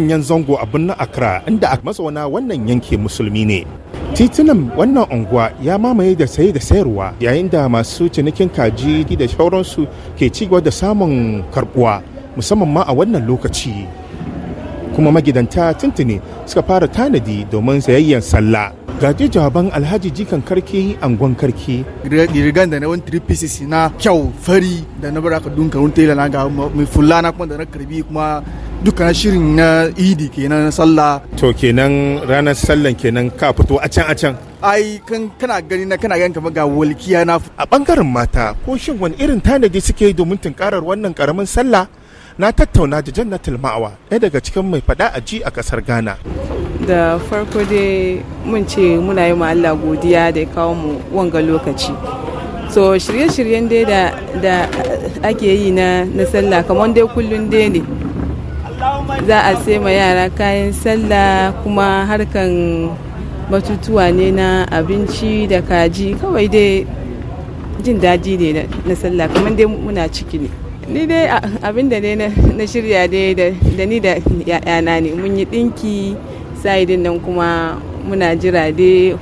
manyan zango a birnin Accra inda a mazauna wannan yanki musulmi ne. Titunan wannan unguwa ya mamaye da saye da sayarwa yayin da masu cinikin kaji da sauransu ke cigaba da samun karbuwa musamman ma a wannan lokaci. Kuma magidanta tuntuni suka fara tanadi domin sayayyan sallah. gaje jawaban alhaji jikan karke angon karke rigan da na wani three na kyau fari da na bara aka dunka wani tela na ga mai fulla na kuma da na karbi kuma dukkan shirin na idi kenan na sallah to kenan ranar sallan kenan ka fito a can a can ai kan kana gani na kana gani kamar ga walkiya na a bangaren mata ko shin wani irin tanadi suke domin tunkarar wannan karamin sallah na tattauna da jannatul ma'awa ɗaya daga cikin mai faɗa a ji a ƙasar ghana da farko dai mun ce muna yi Allah godiya da ya kawo mu wanga lokaci so shirye-shiryen dai da, ake yi na, na sallah kamar dai kullum dai ne za a sai ma yara kayan sallah kuma harkan batutuwa ne na abinci da kaji kawai dai jin daji ne na sallah kamar dai muna ciki ne ni dai abin da na shirya dai da ni da yana ne mun yi dinki sa'idin nan kuma muna jira dai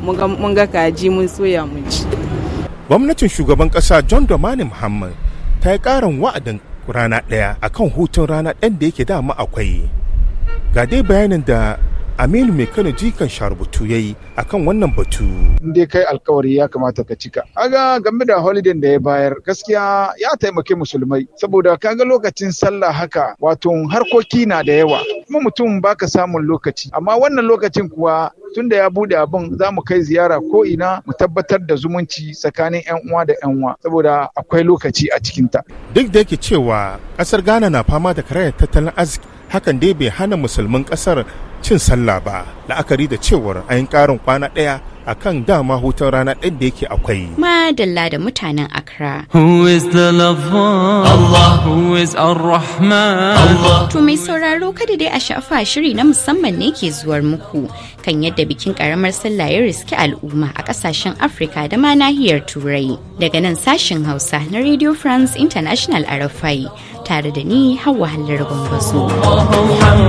mun ga kaji mun soya mun ci gwamnatin shugaban kasa john domani muhammad ta yi karin wa'adin rana ɗaya akan hutun rana ɗan da yake dama akwai ga dai bayanin da aminu mai kano jikan sharubutu ya yi a kan wannan batu in kai alkawari ya kamata ka cika aga game da holiday da ya bayar gaskiya ya taimake musulmai saboda kaga lokacin sallah haka wato harkoki na da yawa kuma mutum baka samun lokaci amma wannan lokacin kuwa tun da ya bude abin za mu kai ziyara ko ina mu tabbatar da zumunci tsakanin 'yan uwa da 'yan uwa saboda akwai lokaci a cikinta. Duk da yake cewa kasar Ghana na fama da karayar tattalin arziki hakan dai bai hana musulmin kasar cin sallah ba la'akari da cewar an karin kwana ɗaya a kan dama hutun rana ɗin da yake akwai. Madalla da mutanen Accra. Who is the Allah. Who is ar-Rahman? Allah. To mai sauraro kada dai a shafa shiri na musamman ne ke zuwar muku kan yadda bikin karamar sallah ya riski al'umma a kasashen Afirka da ma nahiyar Turai. Daga nan sashen Hausa na Radio France International rafai tare da ni Hauwa Hallar Gwangwazo.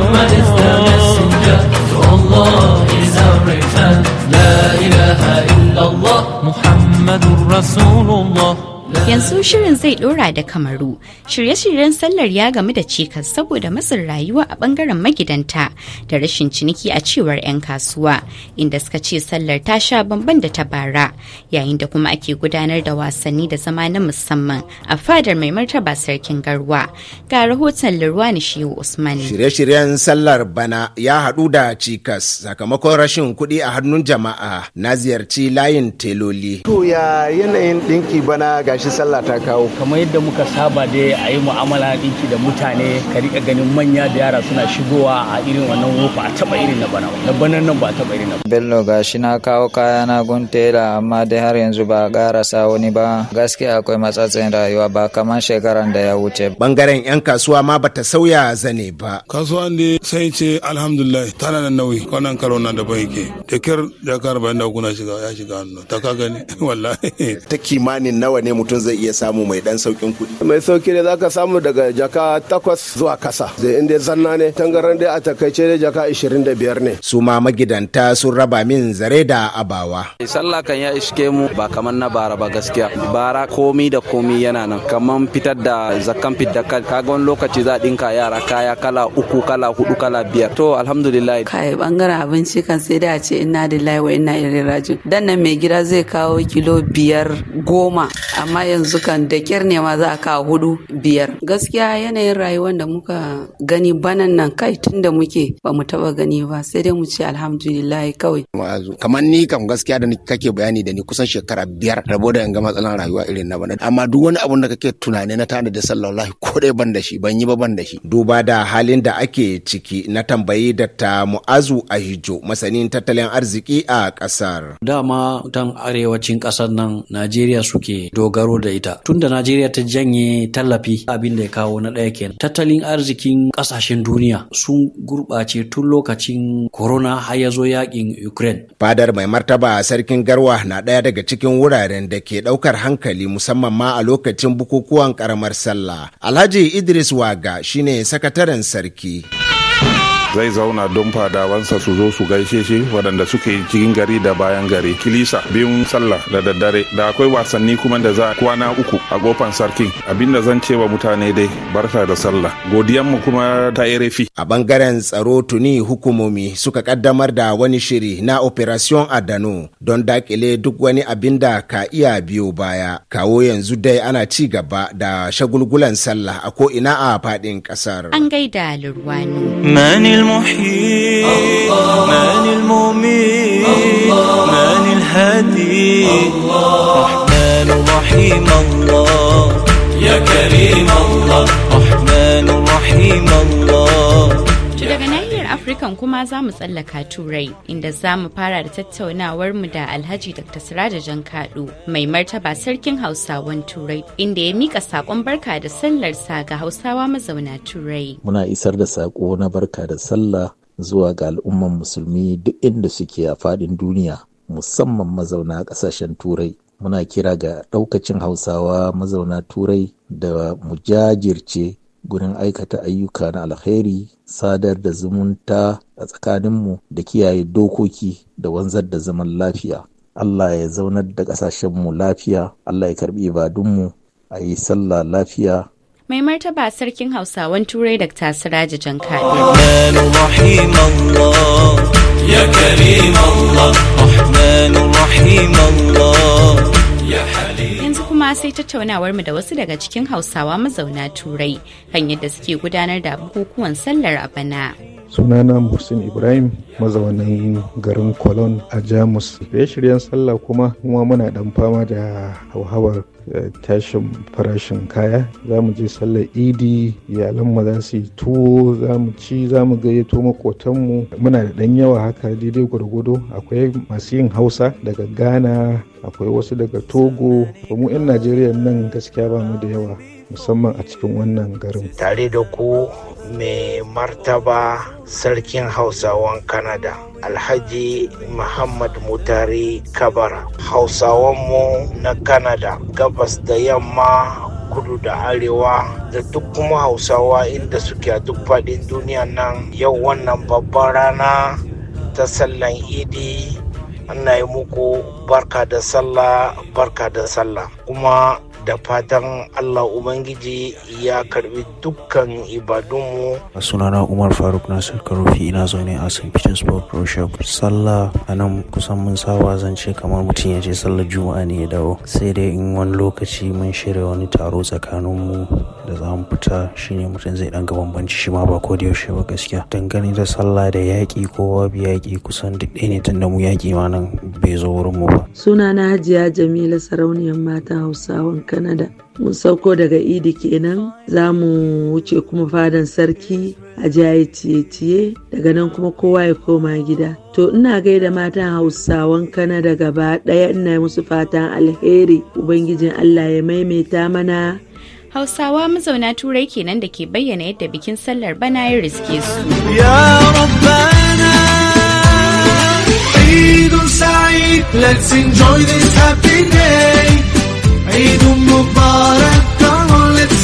yanzu shirin zai dora da kamaru shirye-shiryen sallar ya gamu da cikas saboda matsin rayuwa a bangaren magidanta da rashin ciniki a cewar 'yan kasuwa inda suka ce sallar ta sha bamban da ta bara yayin da kuma ake gudanar da wasanni da zama na musamman a fadar mai martaba sarkin garwa ga rahoton lirwa shehu usman shirye-shiryen sallar bana ya haɗu da cikas sakamakon rashin kuɗi a hannun jama'a na ziyarci layin teloli to ya yanayin ɗinki bana gashi sallar Allah ta kawo kamar yadda muka saba dai a yi mu'amala ɗinki da mutane ka riƙa ganin manya da yara suna shigowa a irin wannan wofa a taɓa irin na bana na banan nan ba taɓa irin na bello shi na kawo kaya na guntela amma dai har yanzu ba a sa wani ba gaskiya akwai matsatsin rayuwa ba kamar shekaran da ya wuce bangaren yan kasuwa ma bata sauya zane ba kasuwan da sai ce alhamdulillah tana da nauyi wannan karo na da bai ke da kyar da kar bayan da kuna shiga ya shiga hannu ta ka gani wallahi ta kimanin nawa ne mutum zai iya samu mai dan saukin kuɗi. Mai sauki ne zaka samu daga jaka takwas zuwa kasa. Da inda zanna ne tangaran dai a takaice ne jaka 25 ne. Su ma magidanta sun raba min zare da abawa. Sallah kan ya iske mu ba kamar na bara ba gaskiya. Bara komi da komi yana nan kamar fitar da zakkan fitar kaga wani lokaci za ka yara kaya kala uku kala hudu kala biyar. To alhamdulillah. Kai bangaren abinci kan sai da a ce inna lillahi wa inna ilaihi rajiun. Dan nan mai gida zai kawo kilo biyar goma amma ya yanzu kan da kyar ne ma za a hudu biyar gaskiya yanayin rayuwar da muka gani banan nan kai tun da muke ba mu taba gani ba sai dai mu ce alhamdulillah kawai kamar ni kam gaskiya da kake bayani da ni kusan shekara biyar rabo da yanga matsalan rayuwa irin na bana amma duk wani abun da kake tunani na tana da sallallahu ko dai ban da shi ban yi ba ban da shi duba da halin da ake ciki na tambayi da ta mu'azu a hijo masanin tattalin arziki a kasar dama tan arewacin kasar nan najeriya suke dogaro da da ita tunda Najeriya ta janye tallafi abin da ya kawo na ɗaya kenan. Tattalin arzikin ƙasashen duniya sun gurɓace tun lokacin corona har ya zo yakin Ukraine. Fadar mai martaba a sarkin Garwa na ɗaya daga cikin wuraren da ke ɗaukar hankali musamman ma a lokacin bukukuwan ƙaramar sallah. Alhaji Idris Waga shine sakataren sarki. zai zauna don fadawansa su zo su gaishe shi waɗanda suke cikin gari da bayan gari kilisa biyun sallah da daddare da akwai wasanni kuma da za kwana uku a gofan sarkin abinda zan cewa mutane dai barka da sallah mu kuma ta erefi a bangaren tsaro tuni hukumomi suka kaddamar da wani shiri na operation adano don dakile duk wani abin da ka iya biyo baya kawo yanzu dai ana ci gaba da shagulgulan sallah a ko ina a faɗin ƙasar an gaida lurwani المحيي من المميت من الهادي رحمن رحيم الله يا كريم dukan kuma za mu tsallaka Turai inda za mu fara da tattaunawar mu da Alhaji Dr. Siraja jankaɗo mai martaba sarkin Hausawan Turai inda ya mika saƙon barka da sallar sa ga Hausawa mazauna Turai. Muna isar da sako na barka da sallah zuwa ga al'umman musulmi duk inda suke a faɗin duniya musamman mazauna ƙasashen Turai. Muna kira ga ɗaukacin Hausawa mazauna Turai da mu jajirce gurin aikata ayyuka na alkhairi sadar da zumunta a tsakaninmu da kiyaye dokoki da wanzar da zaman lafiya Allah ya zaunar da ƙasashenmu lafiya Allah ya karbi ibadunmu a yi sallah lafiya mai martaba sarkin hausawan turai da ta siraji jankadi ya karim Allah ma sai tattaunawar mu da wasu daga cikin hausawa mazauna turai kan yadda suke gudanar da bukukuwan sallar a bana. sunana muhsin ibrahim mazaunin garin cologne a jamus shirye-shiryen sallah kuma kuma muna dan fama da hauhawar eh, tashin farashin kaya za mu je sallar idi iyalanmu za su yi tuwo za mu ci za mu gayyato makotanmu muna da ɗan yawa haka daidai gwargwado akwai masu yin hausa daga ghana akwai wasu daga togo mu 'yan najeriya nan gaskiya ba mu da yawa musamman a cikin wannan garin. Tare da ku mai martaba sarkin Hausawan Kanada. Alhaji Muhammad Mutari Kabara, Hausawanmu na Kanada, gabas da yamma kudu da arewa da duk kuma hausawa inda suke a duk faɗin duniya nan yau wannan babban rana ta sallan idi ana yi muku barka da sallah barka da sallah kuma da fatan Allah Ubangiji ya karbi dukkan ibadunmu. sunana Umar Faruk Nasir Karofi ina zaune a St. Petersburg, Russia. Sallah a nan kusan mun saba zan ce kamar mutum ya je sallar Juma'a ne ya dawo. Sai dai in wani lokaci mun shirya wani taro tsakaninmu da za mu fita shine mutum zai dan bambanci shi ma ba ko da yaushe ba gaskiya. Dangane da sallah da yaƙi ko babu yaƙi kusan duk ɗaya ne tunda mu yaƙi ma nan bai zo wurin mu ba. Sunana Hajiya Jamila Sarauniyar Mata Hausawan Canada. Mun sauko daga Idi kenan za mu wuce kuma fadan sarki a jaye ciye-ciye daga nan kuma kowa ya koma gida. To ina gaida matan Hausawan Canada gaba ɗaya ina musu fatan alheri Ubangijin Allah ya maimaita mana. Hausawa mazauna turai kenan da ke bayyana yadda bikin sallar bana ya riske su. Let's enjoy this happy day. Eid Mubarak come let's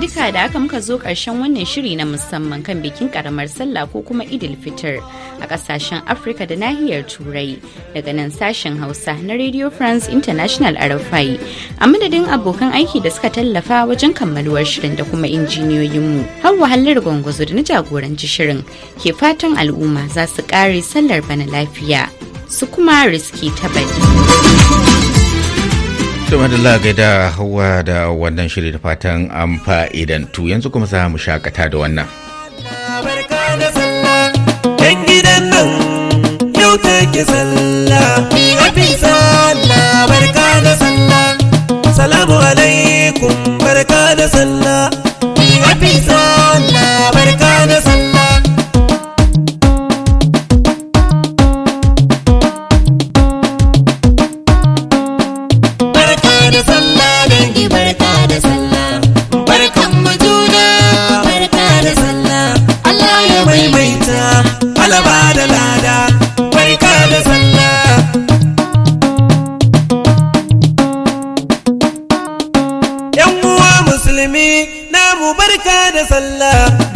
duka da aka muka zo karshen wannan shiri na musamman kan bikin karamar sallah ko kuma idil fitar a kasashen afirka da nahiyar turai daga nan sashen hausa na radio france international rfi a madadin abokan aiki da suka tallafa wajen kammaluwar shirin da kuma injiniyoyinmu har wahalar gwangwazo da na jagoranci shirin ke fatan al'umma za su kare sallar bana lafiya su kuma riski ta bari. To madalla da hawa da wannan shirin fatan an fa'idantu yanzu kuma za mu shakata da wannan. Yan gidan nan yau take sallah, abin sallah.